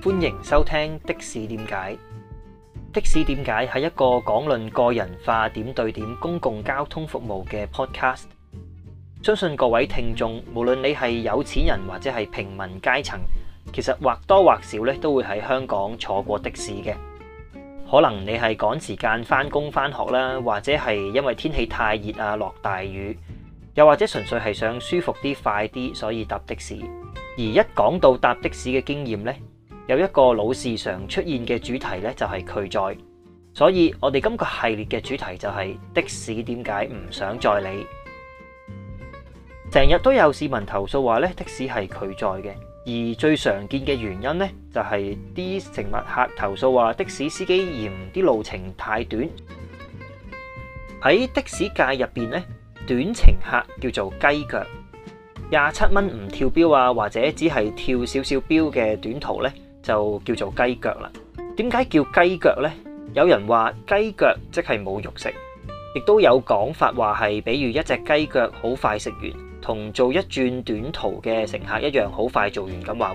歡迎收聽的士點解？的士點解係一個講論個人化點對點公共交通服務嘅 podcast。相信各位聽眾，無論你係有錢人或者係平民階層，其實或多或少咧都會喺香港坐過的士嘅。可能你係趕時間翻工翻學啦，或者係因為天氣太熱啊，落大雨，又或者純粹係想舒服啲、快啲，所以搭的士。而一講到搭的士嘅經驗呢。有一個老是常出現嘅主題咧，就係拒載，所以我哋今個系列嘅主題就係的士點解唔想載你？成日都有市民投訴話咧，的士係拒載嘅，而最常見嘅原因咧，就係啲乘客投訴話的士司機嫌啲路程太短。喺的士界入邊咧，短程客叫做雞腳，廿七蚊唔跳表啊，或者只係跳少少表嘅短途咧，就叫做雞腳啦。點解叫雞腳呢？有人話雞腳即係冇肉食，亦都有講法話係，比如一隻雞腳好快食完，同做一轉短途嘅乘客一樣好快做完咁話。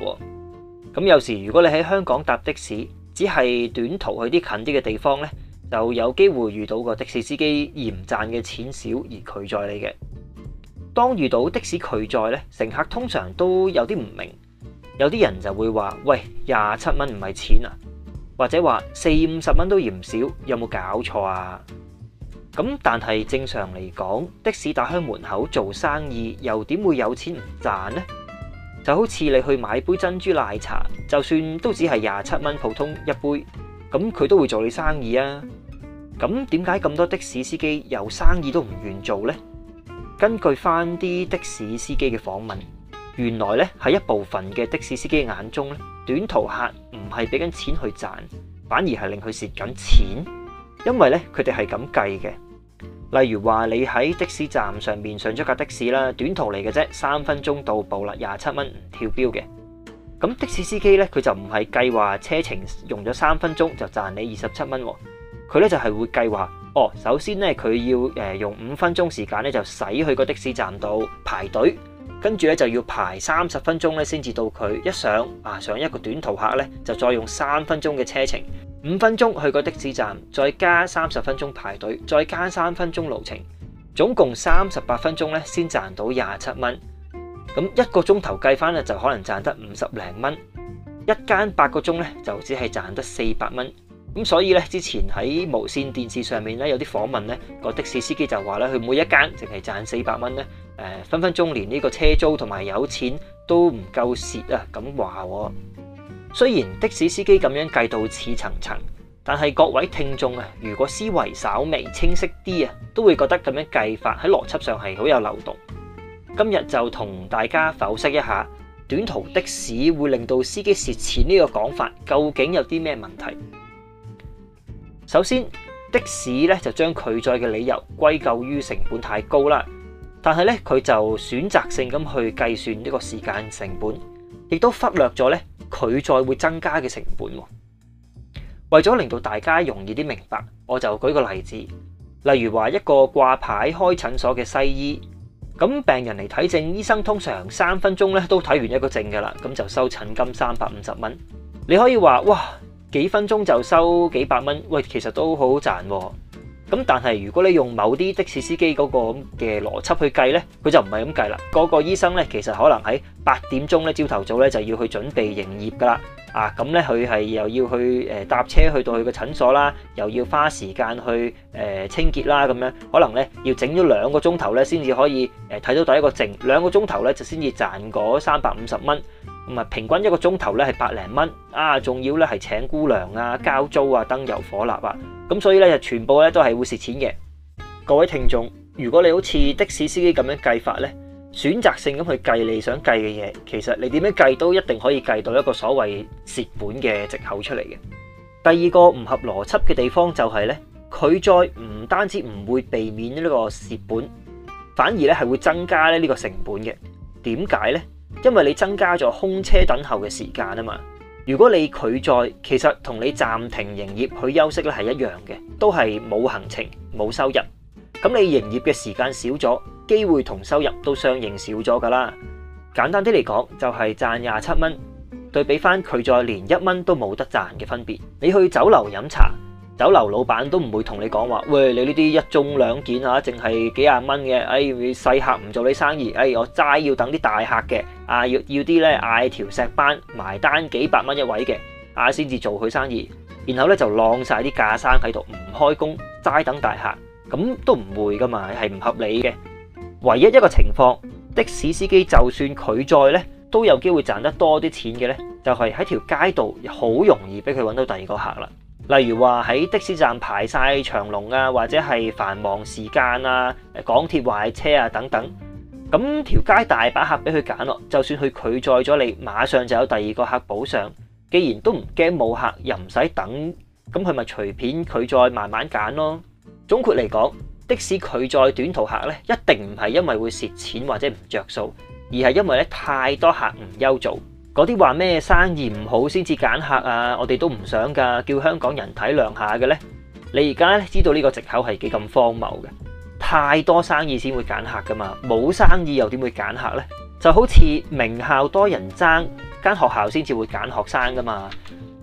咁有時如果你喺香港搭的士，只係短途去啲近啲嘅地方呢，就有機會遇到個的士司機嫌賺嘅錢少而拒載你嘅。當遇到的士拒載呢，乘客通常都有啲唔明。有啲人就會話：「喂，廿七蚊唔係錢啊，或者話四五十蚊都嫌少，有冇搞錯啊？咁但係正常嚟講，的士打開門口做生意，又點會有錢唔賺呢？就好似你去買杯珍珠奶茶，就算都只係廿七蚊普通一杯，咁佢都會做你生意啊。咁點解咁多的士司機有生意都唔願做呢？根據翻啲的士司機嘅訪問。原來咧喺一部分嘅的,的士司機眼中咧，短途客唔係俾緊錢去賺，反而係令佢蝕緊錢。因為咧，佢哋係咁計嘅。例如話你喺的士站上面上咗架的士啦，短途嚟嘅啫，三分鐘到步啦，廿七蚊跳表嘅。咁的士司機咧，佢就唔係計話車程用咗三分鐘就賺你二十七蚊。佢咧就係、是、會計話，哦，首先咧佢要誒、呃、用五分鐘時間咧就使去個的,的士站度排隊。跟住咧就要排三十分鐘咧先至到佢，一上啊，上一個短途客咧，就再用三分鐘嘅車程。五分鐘去個的士站，再加三十分鐘排隊，再加三分鐘路程，總共三十八分鐘咧先賺到廿七蚊。咁一個鐘頭計翻咧就可能賺得五十零蚊，一間八個鐘咧就只係賺得四百蚊。咁所以咧，之前喺無線電視上面咧，有啲訪問咧，個的士司機就話咧，佢每一間淨係賺四百蚊咧，誒、呃、分分鐘連呢個車租同埋油錢都唔夠蝕啊！咁話喎。雖然的士司機咁樣計到似層層，但係各位聽眾啊，如果思維稍微清晰啲啊，都會覺得咁樣計法喺邏輯上係好有漏洞。今日就同大家剖析一下短途的士會令到司機蝕錢呢個講法，究竟有啲咩問題？首先的士咧就將拒載嘅理由歸咎於成本太高啦，但係咧佢就選擇性咁去計算呢個時間成本，亦都忽略咗咧拒載會增加嘅成本。為咗令到大家容易啲明白，我就舉個例子，例如話一個掛牌開診所嘅西醫，咁病人嚟睇症，醫生通常三分鐘咧都睇完一個症噶啦，咁就收診金三百五十蚊。你可以話哇。幾分鐘就收幾百蚊，喂，其實都好賺喎、啊。咁但係如果你用某啲的士司機嗰個嘅邏輯去計呢，佢就唔係咁計啦。嗰、那個醫生呢，其實可能喺八點鐘呢，朝頭早呢，就要去準備營業噶啦。啊，咁呢佢係又要去誒、呃、搭車去到佢嘅診所啦，又要花時間去誒、呃、清潔啦，咁樣可能呢，要整咗兩個鐘頭呢，先至可以誒睇、呃、到第一個證，兩個鐘頭呢，就先至賺嗰三百五十蚊。唔係平均一個鐘頭咧係百零蚊，啊仲要咧係請姑娘啊、交租啊、燈油火蠟啊，咁所以咧就全部咧都係會蝕錢嘅。各位聽眾，如果你好似的士司機咁樣計法咧，選擇性咁去計你想計嘅嘢，其實你點樣計都一定可以計到一個所謂蝕本嘅藉口出嚟嘅。第二個唔合邏輯嘅地方就係咧，佢再唔單止唔會避免呢個蝕本，反而咧係會增加咧呢個成本嘅。點解咧？因為你增加咗空車等候嘅時間啊嘛，如果你拒載，其實同你暫停營業去休息咧係一樣嘅，都係冇行程、冇收入。咁你營業嘅時間少咗，機會同收入都相應少咗㗎啦。簡單啲嚟講，就係賺廿七蚊，對比翻拒載連一蚊都冇得賺嘅分別。你去酒樓飲茶。酒樓老闆都唔會同你講話，喂，你呢啲一盅兩件啊，淨係幾廿蚊嘅，哎，細客唔做你生意，哎，我齋要等啲大客嘅，啊，要要啲咧嗌條石斑，埋單幾百蚊一位嘅，啊，先至做佢生意，然後咧就晾曬啲架生喺度唔開工，齋等大客，咁都唔會噶嘛，係唔合理嘅。唯一一個情況，的士司機就算佢再咧，都有機會賺得多啲錢嘅咧，就係喺條街度好容易俾佢搵到第二個客啦。例如話喺的士站排晒長龍啊，或者係繁忙時間啊，港鐵壞車啊等等，咁條街大把客俾佢揀咯。就算佢拒載咗你，馬上就有第二個客補上。既然都唔驚冇客，又唔使等，咁佢咪隨便拒載慢慢揀咯。總括嚟講，的士拒載短途客咧，一定唔係因為會蝕錢或者唔着數，而係因為咧太多客唔憂做。嗰啲話咩生意唔好先至揀客啊！我哋都唔想噶，叫香港人體諒下嘅呢。你而家知道呢個藉口係幾咁荒謬嘅？太多生意先會揀客噶嘛，冇生意又點會揀客呢？就好似名校多人爭，間學校先至會揀學生噶嘛。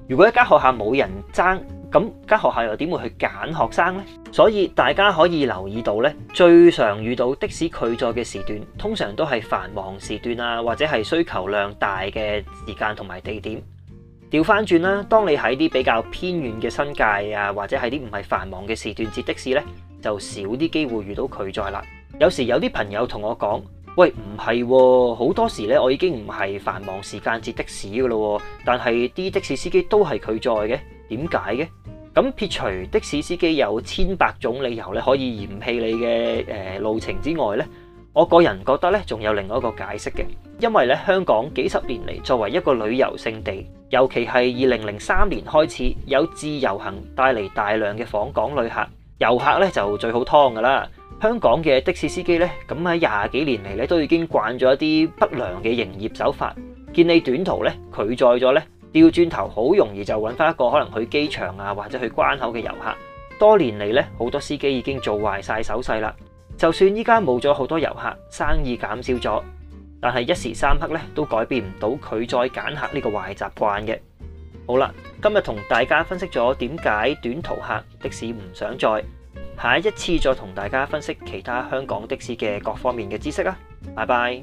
如果一間學校冇人爭。咁間學校又點會去揀學生呢？所以大家可以留意到呢，最常遇到的士拒載嘅時段，通常都係繁忙時段啊，或者係需求量大嘅時間同埋地點。調翻轉啦，當你喺啲比較偏遠嘅新界啊，或者係啲唔係繁忙嘅時段接的士呢，就少啲機會遇到拒載啦。有時有啲朋友同我講：「喂，唔係喎，好多時呢，我已經唔係繁忙時間接的士噶啦，但係啲的士司機都係拒載嘅，點解嘅？咁撇除的士司機有千百種理由咧可以嫌棄你嘅誒路程之外咧，我個人覺得咧，仲有另外一個解釋嘅，因為咧香港幾十年嚟作為一個旅遊勝地，尤其係二零零三年開始有自由行帶嚟大量嘅訪港旅客，遊客咧就最好劏㗎啦。香港嘅的士司機咧，咁喺廿幾年嚟咧都已經慣咗一啲不良嘅營業手法，見你短途咧拒載咗咧。調轉頭好容易就搵翻一個可能去機場啊或者去關口嘅遊客。多年嚟呢，好多司機已經做壞晒手勢啦。就算依家冇咗好多遊客，生意減少咗，但係一時三刻呢，都改變唔到佢再揀客呢個壞習慣嘅。好啦，今日同大家分析咗點解短途客的士唔想再，下一次再同大家分析其他香港的士嘅各方面嘅知識啊。拜拜。